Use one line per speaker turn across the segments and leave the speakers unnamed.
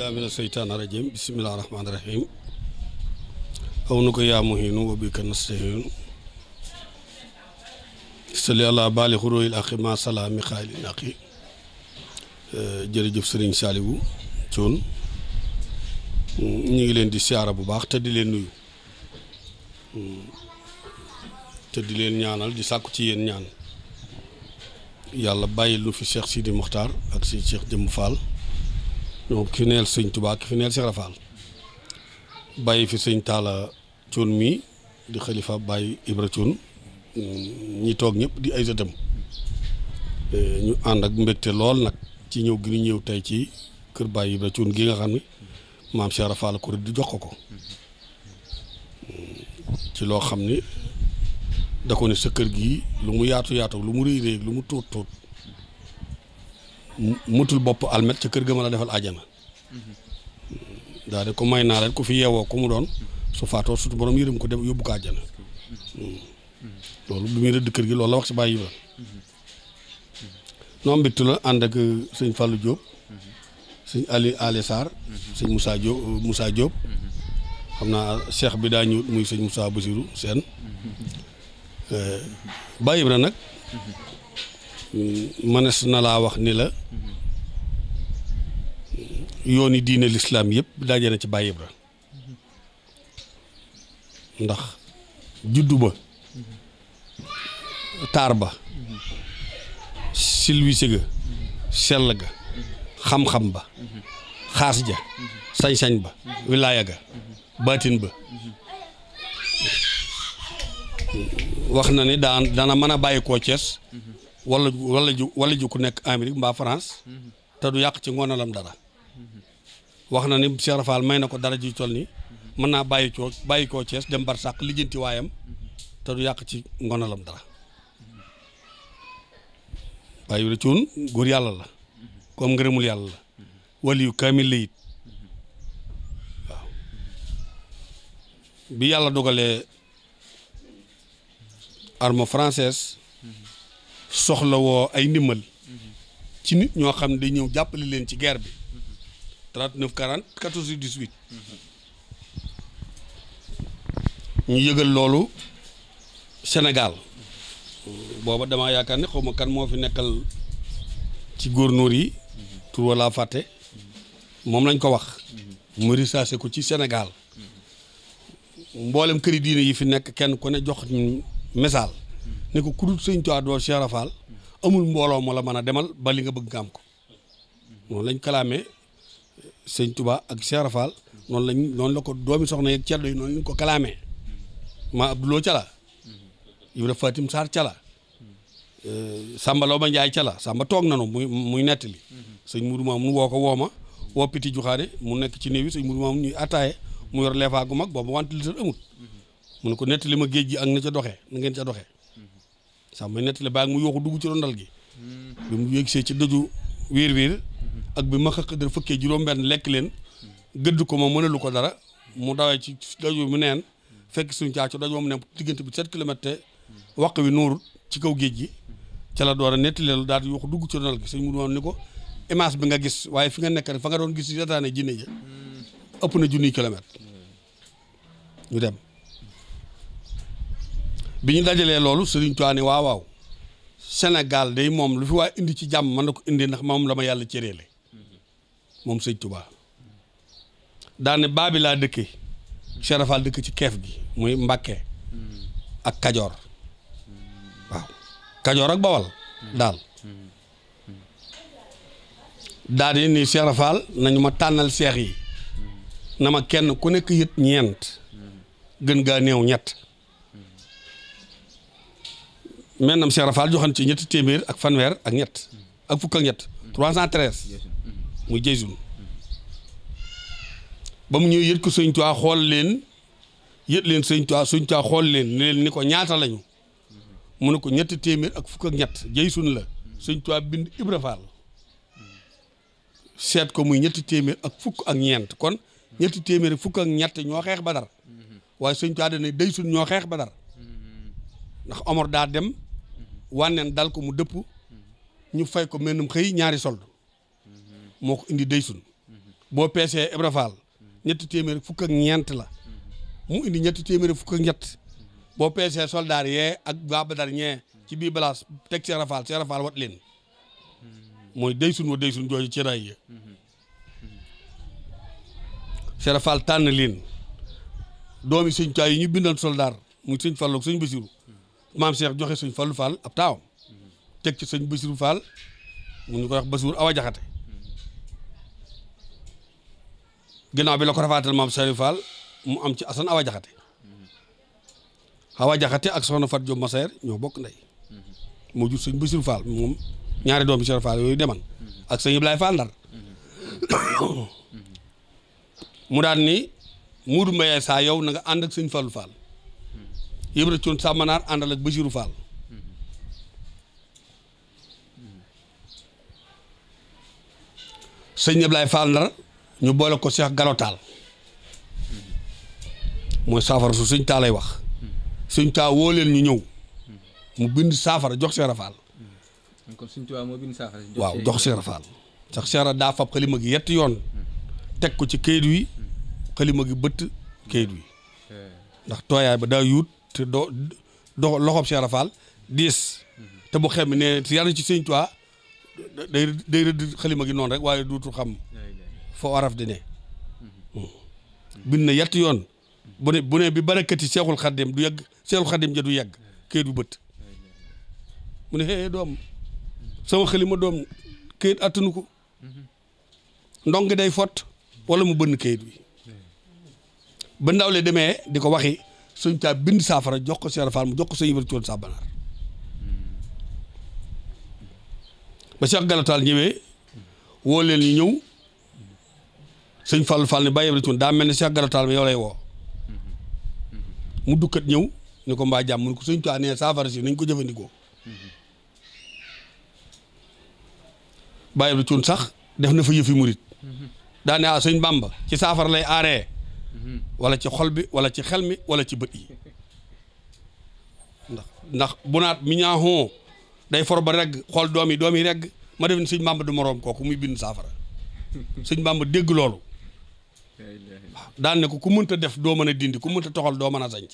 billahi mina seytaani rajim bisimilah rahmaani rahim aw nu ko yaa muhinu wa bika nastahinu salli àla baali xuróyil aqi ma salaami xaalin aqi jërëjëf sëriñ Saaliwu Coon ñu ngi leen di siyaara bu baax te di leen nuyu te di leen ñaanal di sàkku ci yéen ñaan yàlla bàyyil lu fi Cheikh Sidi Mokhtar ak si Cheikh Jëmm Fall ñoom ki sëñ tubaak ki fi neel bàyyi fi sëñ Taala Cuun mii di xalifa bàyyi Ibra Cuun ñi toog ñëpp di ay sëtam e, ñu ànd ak mbégte lool nag ci ñëw gi ñu ñëw tey ci kër bàyyi Ibra Cuun gi nga xam ne maam Seex Rafaal ko di jox ko ko ci loo xam ne da ko sa kër gi lu mu yaatu yaatu lu mu réy réy lu mu tuut tuut mutul bopp almet ca kër ga ma la defal ajjana daal de ko may naa leen ku fi yeewoo ku mu doon su faatoo su borom yërëm ko dem yóbbu ko ajjana loolu bi muy rëdd kër gi loolu la wax si bàyyi ba noo mbittu la ànd ak euh, sëñ Fallou Diop sëñ Ali Ali Sarr sëñ Moussa Diop euh, xam naa cheikh bi daa ñëwut muy sëñ Moussa Basirou Sène bàyyi euh, ba nag mënees mm, na laa wax ni la yoon yooni diine lislaam yëpp daje na ci Baye Ibra ndax juddu ba taar ba silwise ga sell ga xam-xam ba xaas ja sañ-sañ ba wilaaya ga baatin ba wax na ni daan dana mën a bàyyi koo Cees wala wala ju wala ju ku nekk Amérique mbaa France te du yàq ci ngoonalam dara wax na ni Cheikh Rafal may na ko dara ji toll ni mën naa bàyyi coo bàyyi koo Cees dem bar barsàq lijjanti waayam te du yàq ci ngoonalam dara waaye yu la cuun góor yàlla la ko am ngërëmul yàlla la wali kaamil la bi yàlla dogalee armée française soxlawoo ay ndimbal ci nit ñoo xam ne day ñëw jàppale leen ci guerre bi 39 40 14 18 ñu yëgal loolu senegal booba damaa yaakaar ni xaw ma kan moo fi nekkal ci góor góornóor yi tur wala fàtte moom lañ ko wax mu risaase ko ci Sénégal mboolem këri diine yi fi nekk kenn ku ne jox misaal ne ko ku dul sëñ doo Cheikh Rafal amul mbooloo mu la mën a demal ba li nga bëgg nga am ko noonu lañ kalaamee sëñ tubaa ak Cheikh Rafal noonu lañ noonu la ko doomi soxna yeeg ceddo yi noonu lañ ko kalaamee maa Abdouloo cala Ibra Fatim Sarr cala eh, Samba Loma Ndiaye cala Samba toog nanu muy muy nettali sëñ Mourou Mamoun woo ko woo ma woo Piti Juxaane mu nekk ci néew yi sëñ Mourou ñuy attaaye mu yor leefaa gu mag boobu wante li amut mu ne ko nettali ma géej gi ak na ca doxee na ngeen ca doxee sax may nettali baa ngi mu yooxu dugg ci rondal gi bi mu yéegsee ci doju wiir wiir ak bi ma xëq dër fëkkee juróom-benn lekk leen gëdd ko moom mënalu ko dara mu dawee ci daju mu neen fekk suñ caaco daj moom ne diggante bi 7 kilomètres te waq wi nuur ci kaw géej gi ca la door a nettaleelu daal di yooxu dugg ci rondal gi sëñ mu doon ni ko image bi nga gis waaye fi nga nekk rek fa nga doon gis seetaane jinne ja ëpp na junniy kilomètre ñu dem bi ñu dajalee loolu Serigne Touba ne waaw waaw Sénégal day moom lu fi waa indi ci jàmm man na ko indi ndax moom la ma yàlla cëreele moom Serigne Touba daane baabilaa laa dëkke Serafal dëkk ci keef gi muy Mbàkke ak Kajoor waaw Kajoor ak Bawal daal daal di ni nañu ma tànnal seex yi na ma kenn ku nekk yët ñeent gën gaa néew ñett maintenant Cheikh Rafal joxan ci ñetti téeméer ak fanweer ak ñett ak fukk ak ñett trois cent treize muy jeysun ba mu ñëw yët ko sëñ xool leen yët leen sëñ Tuubaa sëñ xool leen leen ni ko ñaata lañu mu ne ko ñetti téeméer ak fukk ak ñett jeysun la sëñ bind Ibra Faal seet ko muy ñetti téeméer ak fukk ak ñeent kon ñetti téeméer fukk ak ñett ñoo xeex Badar waaye sëñ Tuubaa dana day sun ñoo xeex Badar ndax Omar daa dem wànneen dal ko mu dëpp ñu fay ko mennum xëy ñaari sol moo ko indi day sun boo peesee Ibra Faal ñetti téeméer fukk ak la mu indi ñetti téeméer fukk ñett boo peesee soldaar yee ak waa Badar ñee ci bii balaas teg Seera Faal Seera Faal wat leen mooy day sun wa day sun jooju ci ray yi Seera Faal tànn leen doomi sëñ Tuubaa yi ñu bindoon soldaar mu sëñ Fallu ak sëñ Basiru maam Cheikh joxe sëñ Fallou Fall ab taawam teg ci sëñ Bassirou Fall mu ñu ko wax Bassirou awajaxate Jaxate bi la ko rafaatal maam Cheikh Fall mu am ci Assane Awa Jaxate Awa Jaxate ak soxna Fat Diop Massaer ñoo bokk ndey moo jur sëñ Bassirou Fall moom ñaari doomi Cheikh Fall yooyu deman ak sëñ Ibrahima Fall Ndar mu daan ni Moudou Mbaye saa yow na nga ànd ak sëñ Fallou Fall Ibra Cuun Sàmmanaar àndal ak Basiiru Fall sëñ Ablaay Fall Ndar ñu boole ko Seex Galo Taal mooy saafara su sëñ taalay wax sëñ taa woo ñu ñëw mu bind saafara jox Seera Fall kon sëñ Tuubaa moo bind waaw jox Seera Fall sax Seera daa fab xalima gi yoon teg ko ci kayit wi xalima gi bëtt kayit wi eh. ndax tooyaay ba daa yuut te doo doo loxoom Cheikh Rafal diis te bu xem ne yàlla ci sëñ Tuubaa day day rëdd xalima gi noonu rek waaye duutu xam foo araf di ne bind na yett yoon bu ne bu ne bi barakati Seexul Xaddim du yegg Seexul Xaddim ja du yegg këyit bu bët mu ne xëy doom sama xalima doom këyit attanu ko ndong day fot wala mu bënn këyit bi ba ndaw le demee di ko waxi suñ caa bind saafara jox ko Cheikh Fall mu jox ko sëñ Ibra Coon Sabanaar ba Cheikh Galataal ñëwee woo leen ñëw sëñ Fall Fall ne bàyyi Ibra Coon daa mel ne Galataal mi yow lay woo mu ñëw ni ko mbaa jàmm ko suñ caa nee si nañ ko jëfandikoo bàyyi Ibra Coon sax def na fa yëfi murit daa ne ah sëñ Bamba ci saafara lay aaree. wala ci xol bi wala ci xel mi wala ci bët yi ndax ndax bu naat mi ñaaxoo day for ba regg xool doom yi doom yi regg ma def ni sëñ Bàmba du moroom kooku muy bind saafara sëñ Bàmba dégg loolu waaw daan ne ko ku mënta def doo mën a dindi ku mënta toxal doo mën a sanc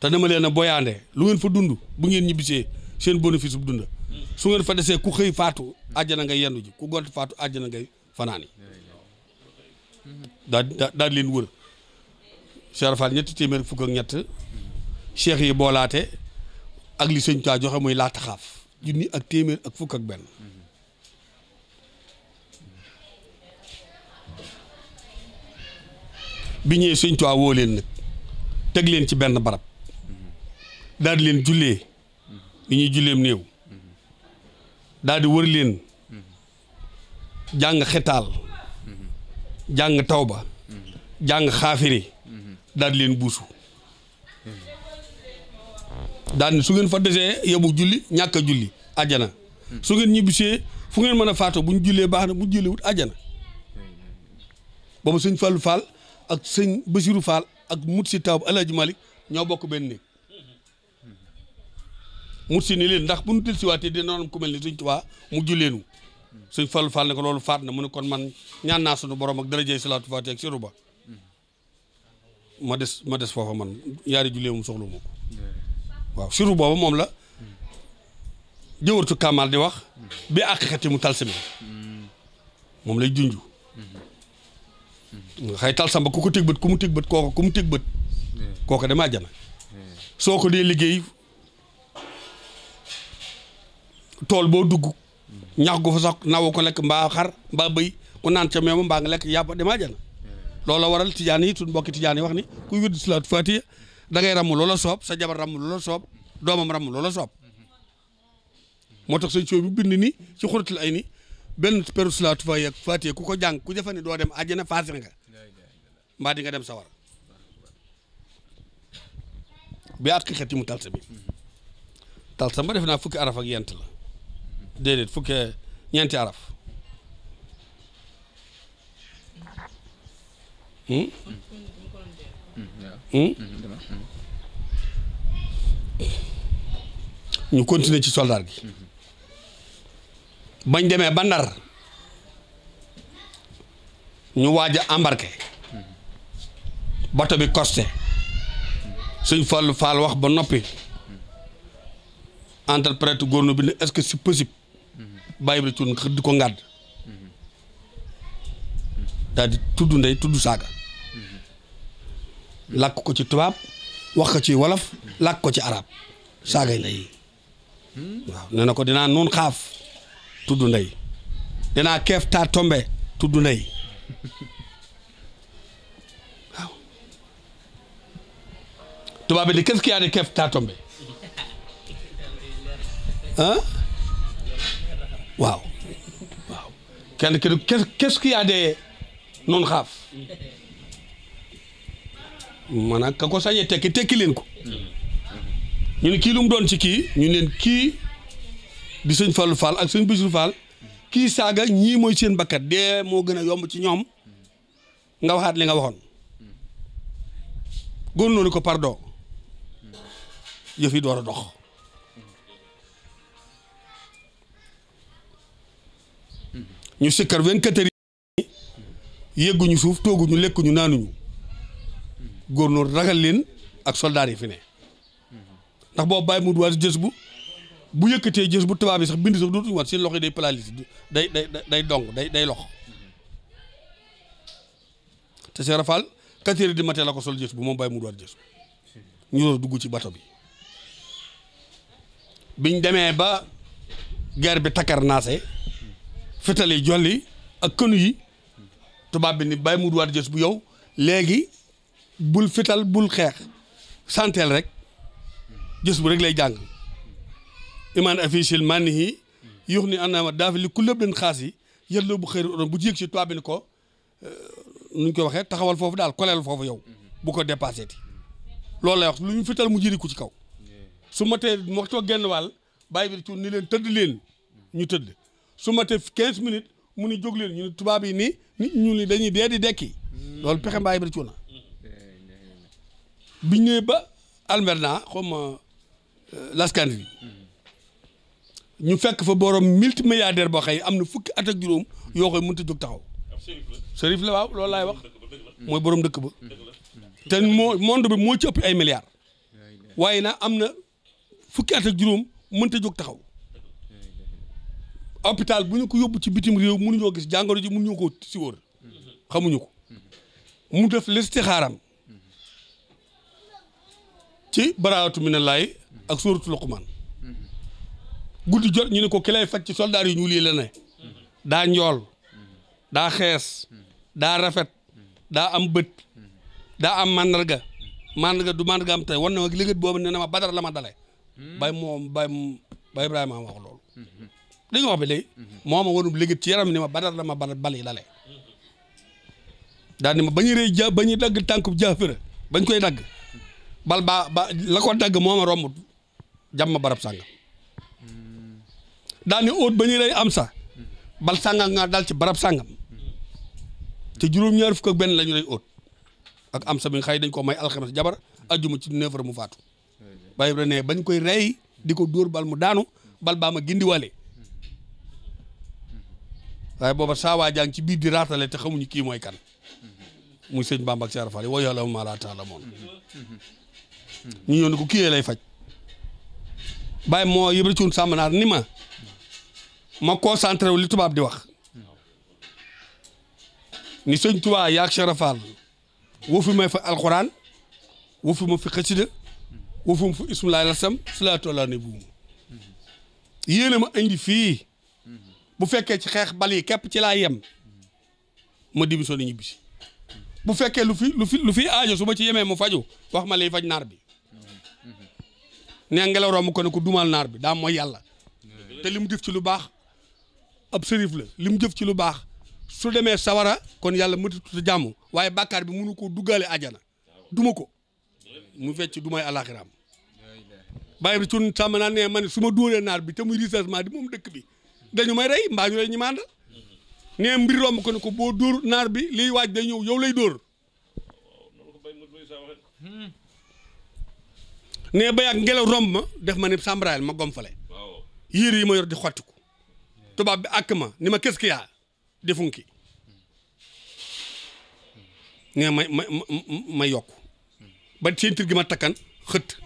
te dama leen a boyaande lu ngeen fa dund bu ngeen ñibbisee seen bénéfice bu dund su ngeen fa desee ku xëy faatu àjjana ngay yendu ji ku gont faatu àjjana ngay fanaani daal daal leen wër Cheikh Fall ñetti téeméer fukk ak ñett cheikh yi boolaate ak li sëñ joxe muy laata xaaf junni ak téeméer ak fukk ak benn bi ñëwee sëñ woo leen nag teg leen ci benn barab daal di leen jullee li ñuy julleem néew daal di wër leen jàng xetaal jàng ba jàng xaafiri daal leen buusu daan su ngeen fa desee yebu julli ñàkk a julli ajjana su ngeen ñibbisee fu ngeen mën a faatoo bu ñu jullee baax na bu jullee wut ajjana boobu sëñ Fallou Fall ak sëñ Basiru Fall ak mut si taw El Hadj Malick ñoo bokk benn néeg mut si ni leen ndax bu ñu dellusiwaatee dina noonu ku mel ni sëñ Tuubaa mu julleenu suñ fallu fall ne ko loolu faat na mu ne kon man ñaan naa suñu borom ak darajey salaatu faati ak siru ba ma des ma des foofa man yaari jullee moom soxlu ma ko waaw siru booba moom la jëwartu kamal di wax bi moom lay junj nga xëy talsam ba ku ko tëg bët ku mu tëg bët kooku ku mu tëg jana soo ko dee liggéey tool boo dugg ñax gu fa sax nawu ko lekk mbaa xar mbaa bëy ku naan ca meema mbaa nga lekk yàpp demaa jana loola waral tijaan yi suñu mbokki tijaan wax ni kuy widd salaat faatiya da ngay ramm loola soob sa jabar ramm loola soob doomam ramm loola soob moo tax sëñ sooy bu bind ni ci xuratul ay ni benn peru salaat faatiya ku ko jàng ku jëfani doo dem àjjana faase nga mbaa di nga dem sawar bi at ki xet yi mu talsa bi talsa ma def naa fukki araf ak la déedéet fukkee ñeenti araf hmm? Hmm? ñu continuer ci soldaar gi bañ demee ba Ndar ñu waaj a embarqué bato bi costé suñ Fallou Fall wax ba noppi interprète góornu bi ne est-ce que c'est possible bàyyi bi la di ko ngàdd daal di tudd ndey tudd saaga làkk ko ci tubaab wax ko ci wolof làkk ko ci araab saagay ndey waaw nee na ko dinaa nuun xaaf tudd ndey dinaa keef taa tombe tudd ndey tubaab bi di qu'est-ce qu'il y keef taa tombe ah waaw waaw kenn ki qu'est-ce qu'il y a de noonu xaaf maanaam ka ko sañee tekki tekki leen ko mm-hmm. ñu ne kii lum doon ci kii ñu leen kii di sëñ Fallou Fall ak sëñ Bissou Fall kii saaga ñii mooy seen bakkat dee moo gën a yomb ci ñoom mm-hmm. nga waxaat li nga waxoon mm-hmm. góor noonu ko pardon yëf yi door a dox ñu sikkar vingt-quatre heures yi yëgguñu suuf tooguñu lekkuñu naanuñu góornóor ragal leen ak soldaar yi ndax boo bàyyi mu waat jës bu bu yëkkatee jës bu tubaab yi sax bind sax dootuñu loxo yi day palaalis day day day day day lox te see rafal quatre heures du la ko sol jës bu moom bay mu waat jës bu ñu door dugg ci bato bi biñ demee ba guerre bi takkar naase fetal yi jolli ak kënu yi tubaab bi ni bàyyi mu duwaat jës bu yow léegi bul fital bul xeex santeel rek jës bu rek lay jàng iman afichil manihi yox ni anama daafa li ku lëb leen xaas yi bu xëyri oron bu jéeg si tubaab bi ni ko euh, nuñ ko waxee taxawal foofu daal koleel foofu yow bu ko dépassé ti loolu lay wax lu ñu fetal mu jëriku ci kaw su ma tee ma toog genn wàll bàyyi bi ci ni leen tëdd leen ñu tëdd su ma te 15 minutes mu ni jóg leen ñu tubaab yi nii ñu ni dañuy dee di dekki loolu pexe mbaay bi ci na biñ ñëwee ba Almerna xawma euh, laskan bi ñu fekk fa borom multimilliardaire boo xëy am na fukki at juróom yoo koy mënut a jóg taxaw. Serif la waaw loolu laay wax. mooy borom dëkk ba. te moo monde bi moo ci ëpp ay milliards. waaye nag am na fukki at juróom mënut a jóg taxaw. hôpital bu ñu ko yóbbu ci bitim réew mënuñoo gis jàngoro ji mënuñoo ko si wóor xamuñu ko mu def listixaaram ci baraatu mi ne lay ak sóoratu Luqmaan guddi jot ñu ni ko ki faj ci soldaar yi ñu lii la ne daa njool daa xees daa rafet daa am bët daa am màndarga màndarga du màndarga am tey wan na ma léegi boobu nee na ma badar la ma dalee hmm. bay moom bay bay Ibrahima wax loolu hmm. dégg nga wax moo ma wonub léegi ci yaram ni ma badar la ma bal yi dale daal ni ma ba ñu rëy ja ba ñuy dagg tànkub jaafira bañ koy dagg bal ba la ko dagg moo ma rombut jam ma barab sàngam daal ni óot ba ñuy rëy am sa bal sàngam nga dal ci barab sàngam te juróom-ñaar fukk benn la ñu rëy óot ak am sa bi dañ ko may alxames jabar ajjuma ci neuf heures mu faatu bàyyi ne bañ koy rey di ko dóor bal mu daanu bal baa ma gindiwaale waaye booba saawaa jàng ci biir di raatale te xamuñu kii mooy kan mu sëñ Bamba ak Cheikh Fall yi wa ma la taala moon ñu ñëw ko kii lay faj bàyyi moo yëbra cuun sàmmanaar ni ma ma concentré wu li tubaab di wax ni sëñ Tuubaa yaag Cheikh Fall wufu may fa alxuraan wufu ma fi xasida wufu ma fi ismulaay lasam salaatu ala nabi yéena ma indi fii bu fekkee ci xeex bali yi képp ci laa yem ma démissionné ñibbi si bu fekkee lu fi lu fi lu fi aajo su ma ci yemee mu faju wax ma lay faj naar bi nee ngelaw romb ko ne ko dumal naar bi daa mooy yàlla te li mu jëf ci lu baax ab sërif la li mu jëf ci lu baax su demee sawara kon yàlla mëtatuta jàmm waaye bakkaar bi mënu koo duggaale ajana duma ko mu fecc du may alaxiraam bàyyi bi cun sàmm naa ne ma ne su ma dóoree naar bi te muy recensement di moom dëkk bi dañu may rey mbaa ñu rey ma àndal mm-hmm. nee mbir romb ko ne ko boo dóor naar bi liy waaj day ñëw yow lay dóor mm-hmm. nee ba ngelaw romb ma def ma ne sàmbraayal ma gomfale yére yi ma yor di xottiku tubaab bi àkk ma ni ma kës ki yaa defunki mm-hmm. nee ma ma ma ba ceinture gi ma takkan xët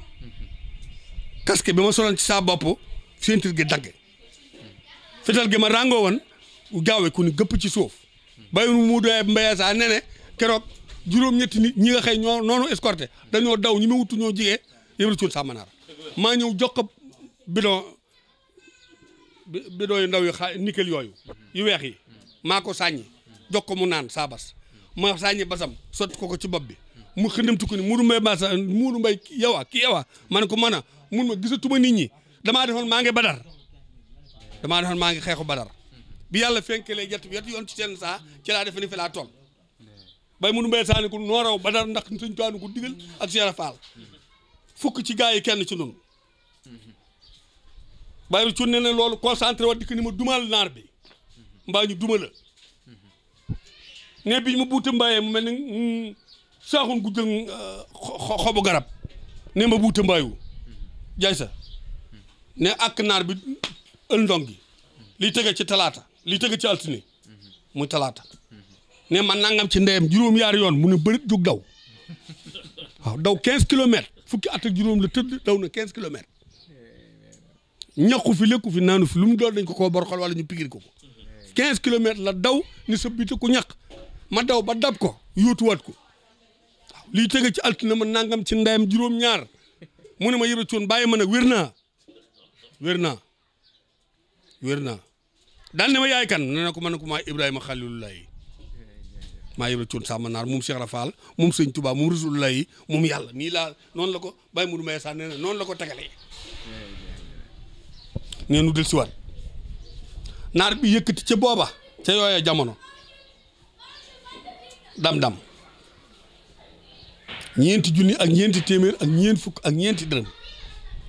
casque bi ma soloon ci saa bopp ceinture gi dagg fetal gi ma ràngoo woon gaawee ku ni gëpp ci suuf bay mu doyee mbayaasa ne ne keroog juróom-ñetti nit ñi nga xëy ñoo noonu escorté dañoo daw ñi ma wutu ñoo jigee yëbal cuun sàmmanaar maa ñëw jox ko bidon bidon yu ndaw yi xa nickel yooyu yu weex yi maa ko sàññi jox ko mu naan saabas ma sàññi basam sotti ko ko ci bopp bi mu xëndamtu ko ni Mourou Mbaye Massa Mourou Mbaye yow a kii yow a ma ne ko mën a mun ma gisatuma nit ñi damaa defoon maa ngi badar damaa defoon maa ngi xeexu badar bi yàlla fenkelee jett bi yoon ci seen saa ci laa defe ni fi laa bay munu mbéy saani ko noo raw badar ndax suñ tuwaanu ko digal ak seera faal fukk ci gars yi kenn ci noonu bàyyi bi ne loolu concentré wa dikk ni ma dumal naar bi mbaa ñu duma la ma buuta mbayee mu mel ni mm, saaxun gu jël uh, xobu garab ne ma buuta mbayu jaay sa ne ak naar bi ëndong gi liy tege ci talaata liy tege ci altine muy talaata ne man nangam ci ndeyam juróom-yaari yoon mu ne bërit jóg daw daw 15 kilomètres fukki at ak juróom la tëdd daw na 15 kilomètres ñaqu fi lekku fi naanu fi lu mu doon dañ ko koo borxol wala ñu pigir ko ko 15 la daw ni sa biti ku ñaq ma daw ba dab ko yóotuwaat ko waaw liy ci altine ma nangam ci ndeyam juróom-ñaar mu ne ma yëbë coon bàyyi ma nag wér wér dan daal ne ma yaay kan nee na ko man ko maa Ibrahima Xalilullahi maa Ibrahima Cuun Samba Naar moom Cheikh Rafal moom Sëñ Tuubaa moom Rasulullahi moom yàlla nii laa noonu la ko Baye Mourou Mbaye Sane nee na noonu la ko tegalee. nee nu del siwaat naar bi yëkkati ca booba ca yooya jamono dam-dam ñeenti junni ak ñeenti téeméer ak ñeent fukk ak ñeenti dërëm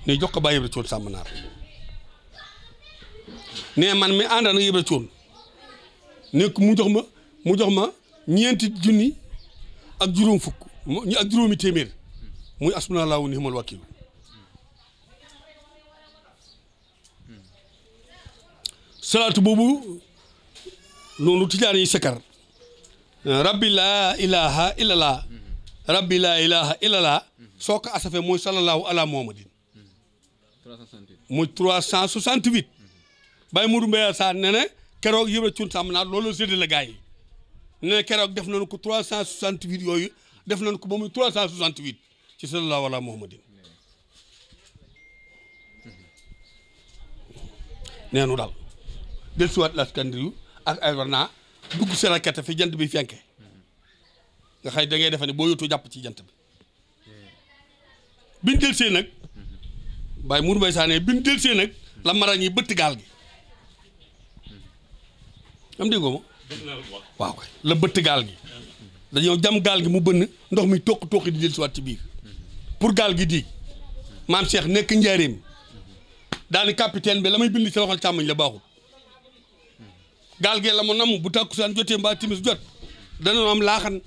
ne jox ko Baye Ibrahima Cuun Samba ne man mi ànd na yëbra coon nekk mu jox ma mu jox ma ñeenti junni ak juróom fukk ñu ak juróomi téeméer muy asbuna laahu ni'mal wakiil salaatu boobu noonu tijaan yi sakar rabbi laa ilaha illallah soo ko asafee mooy sallallahu ala muhammadin mooy trois cent soixante-huit Baye Modou Mbaye Sane ne ne keroog yëpp cun sàmm naa loolu la séddale la gars yi ne keroog def nañu ko 368 yooyu def nañu ko ba muy 368 ci sallallahu ala muhammadin neenu daal del suwaat laskandriyu ak ay war naa dugg serakete fi jant bi fenke nga xëy da ngay ne boo yotu jàpp ci jant bi biñ del see nag Baye Modou Mbaye Sane biñ del see nag la marañ yi bëtt gaal gi am déggoo ma waaw la bëtt gaal gi dañoo jam gaal gi mu bënn ndox mi toq toqi di dellusiwaat ci biir pour gaal gi diig maam Cheikh nekk njaareem daani capitaine bi la may bind si loxol càmmoñ la baaxul gaal gee la mu namm bu tàkkusaan jotee mbaa timis jot dana am laaxan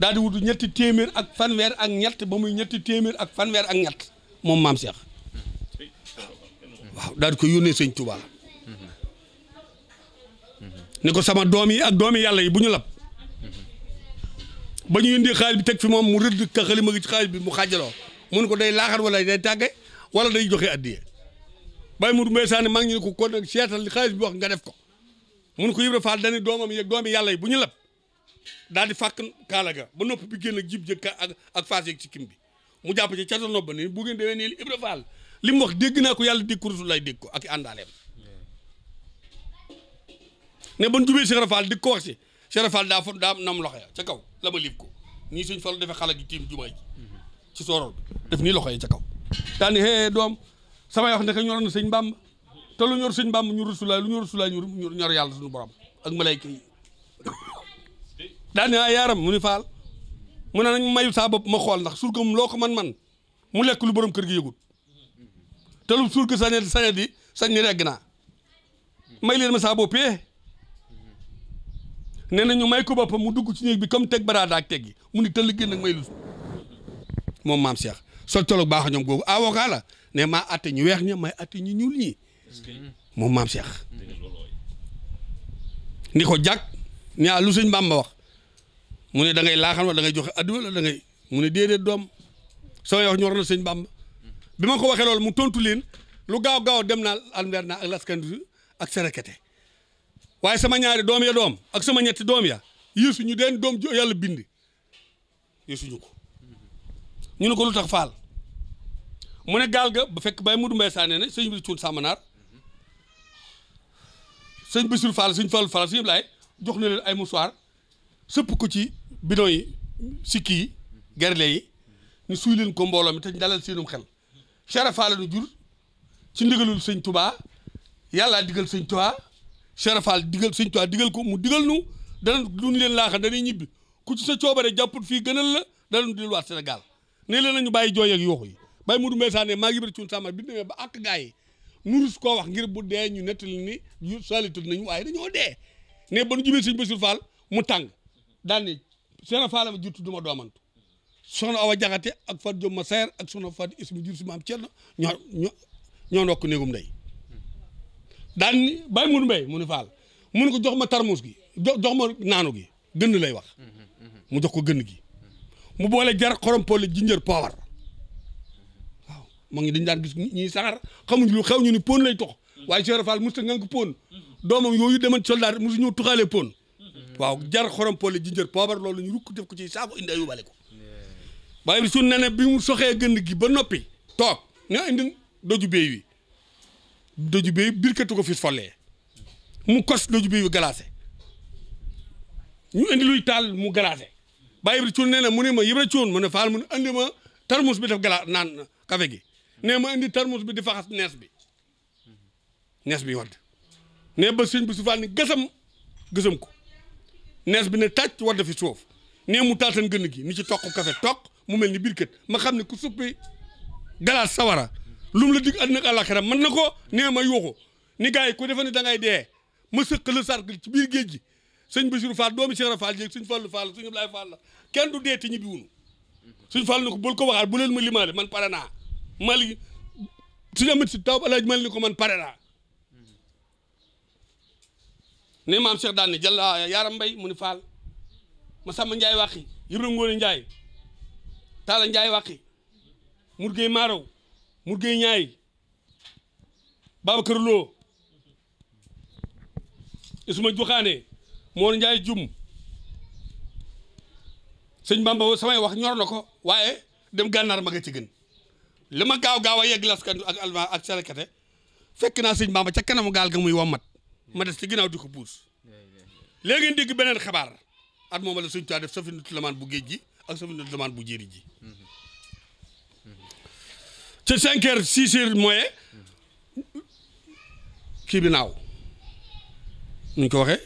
daal di wut ñetti téeméer ak fanweer ak ñett ba muy ñetti téeméer ak fanweer ak ñett moom maam Cheikh waaw daal di ko yónnee sëñ Touba. ne ko sama doom yi ak doomi yàlla yi bu ñu lab ba ñu indi xaalis bi teg fi moom mu rëdd ka xalima gi ci xaalis bi mu xaajaloo mun ko day laaxar wala day tàgge wala day joxe addiye bàyyi mu mbay saani maa ñu ne ko kon nag seetal li xaalis bi wax nga def ko mun ko Ibra Faal dani doomam yi ak doomi yàlla yi bu ñu lab daal di fàkk kaala ba noppi bi génn ak jib jëkk ak ak faas yeeg ci kim bi mu jàpp ci catal nopp ba nii bu ngeen demee nii li mu wax dégg naa ko yàlla dégg ko lay dégg ak àndaaleem ne ban jubee Cheikh Rafal di ko wax si Cheikh daa fa daa nam loxo ya ca kaw la ma liib ko nii suñ faral defee xala gi tiim jumaa ji ci sooroon bi def nii loxo ya ca kaw daal hee doom sama wax ne ka na sëñ Bàmba te lu ñor sëñ mu ñu rusulaay lu ñu rusulaay ñu ñor yàlla suñu borom ak malayka yi daal ni ah, yaaram mu ni faal mu ne nañ mayu saa bopp ma xool ndax surgam loo ko man-man mu lekk lu borom kër gi yëgut te lu surga sañet sañet yi sañ ni regg naa may leen ma saa boppee eh. nee na ñu may ko boppam mu dugg ci néeg bi comme teg baraada ak teg yi mu ni tëll génn may lus moom maam Cheikh sol baax ñoom googu avocat la ne maa atte ñu weex ña may atte ñu ñuul ñi moom maam Cheikh ni ko jàkk ne lu mbaam ma wax mu ne dangay ngay laaxal wala da ngay joxe addu wala da ngay mu ne déedéet doom sama wax ñor na sëñ Bàmba bi ma ko waxee lool mu tontu leen lu gaaw gaaw dem naa almer naa ak laskan ak sarakete waaye sama ñaari doom ya doom ak sama ñetti doom ya yéesu ñu den doom yàlla bind yéesu ñu ko ñu ne ko lu tax faal mu ne gaal ga ba fekk bay Mudu Mbay Saane ne sëñ bi cuun sàmmanaar sëñ Basiru Faal sëñ Faalu Faal sëñ Laay jox na ay mouchoir sëpp ko ci bidon yi sikki yi gerle yi ñu suy leen ko mbooloo mi te ñu dalal seenum xel Cheikh Faal nu jur ci ndigalul sëñ Tubaa yàllaa digal sëñ Tubaa Serafal digal suñ tuwaa digal ko mu digal nu dana duñ leen laaxal danay ñibbi ku ci sa coobare jàpput fii gënal la danañ delluwaat Sénégal ne leen nañu bàyyi jooy ak yooxu yi bàyyi mudu meysaane maa ngi bëri cuun sàmma bi demee ba àkk gaa yi nurus koo wax ngir bu dee ñu nettali ni ñu salitul nañu waaye dañoo dee ne ba nu jubee sëñ Bassirou Fall mu tàng daal ne Serafal faalama juttu du ma doomantu soxna Awa Jaxate ak Fatou Diop ma sayer ak soxna Fatou Isma jur si maam Thierno ñoo ñoo ñoo ndokk néegum ndey daan ni bàyyi munu mbéy mu ni faal mun ko jox ma tarmus gi jox jox ma naanu gi gën lay wax mu jox ko gën gi mu boole jar xorom pol jinjër poowar waaw moo ngi dañ daan gis ñi saxar xamuñ lu xew ñu ni pon lay tox waaye Cheikh Fall mosut a ngank pon doomam yooyu demoon soldat mosu ñëw tuxaalee pon waaw jar xorom poli jinjër poowar loolu ñu rukk def ko ci saako indi ayu bale ko waaye su ne bi mu soxee gën gi ba noppi toog nga indi doju béy wi doju bi birkatu ko fi solee mu kos doju bi galaase ñu indi luy taal mu galaase bàyyi Ibra Cuun nee mu ne ma Ibra Cuun ma ne faal mu ne indi ma tarmus bi def galaas naan kafe gi nee ma indi tarmus bi di faxas nees bi nees bi wadd nee ba sëñ bi su faal ni ko nees bi ne tàcc wadd fi suuf nee mu taal seen gën gi ni ci toq kafe toq mu mel ni birkat ma xam ne ku suppi galaas sawara lu mu la dig àddina ak àllaaxira na ko nee ma yuuxu ni gars yi ku defe dee ma sëq la sargal ci biir géej gi sëñ Bassirou Fall doomi Cheikh Fall jéeg sëñ Fallu Fall sëñ Ablaye Fall la kenn du dee te ñibbi wunu sëñ Fall ne ko bul ko waxaat bu leen ma limaale man pare naa Si taw Alaaji Mali ni ko man pare naa ne maam Cheikh daan ne ah, Yaram Mbay mu ni Fall ma sàmm Njaay wàqi Ibrahima Ngoone Njaay Taala Njaay wàqi Murgey Maaraw Mourguet Ñaay Babacar ma Isuma Juxaane Mor Njaay Jum sëñ Bamba samay wax ñor na ko waaye dem gànnaar ma nga ci gën li ma gaaw gaaw a yegg laskan ak alma ak sarakate fekk naa sëñ Bamba ca kanamu gaal ga muy wommat ma des ci ginnaaw di ko puus léegi dégg beneen xabaar at moom la sëñ Tuubaa def safinatu lamaan bu géej gi ak safinatu lamaan bu jéeri ji te cinq heures six heures kii bi naaw nuñ ko waxee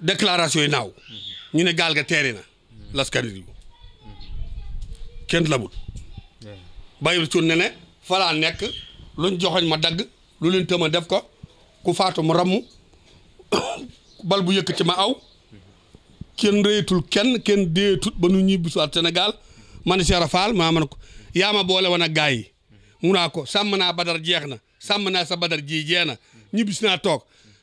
déclaration yi naaw ñu ne gaal ga teeri na laskari yu kenn labul bàyyil cun ne ne falaa nekk luñ joxoñ ma dagg lu leen tëma def ko ku faatu ma ramu bal bu yëkk ci ma aw kenn réyatul kenn kenn déetul ba nu ñibbi si waat Sénégal man Cheikh Fall maa man ko yaa ma boole woon ak gaa yi mu naa ko sàmm naa badar jeex na sàmm naa sa badar ji jeex na naa toog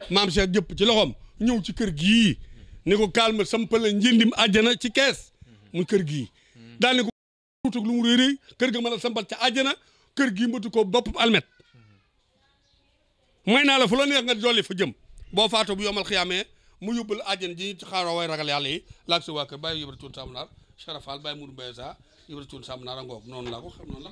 maam Cheikh jëpp ci loxoom ñëw ci kër gii ni ko calme sampal njëndim àjjana ci kees mu kër gii daal ni ko tuutug lu mu kër gi ma la sampal ca àjjana kër gii mbatu ko boppam almet may naa la fu la neex nga jolli fa jëm boo faatu bu yomal xiyaamee mu yóbbul àjjana ji ci xaaroo way ragal yàlla yi laag si waa kër bàyyi yóbbal tuun saamu Sharafal bàyyi mudu Ibra Cuun Samb naara ngoog noonu laa ko xam noonu la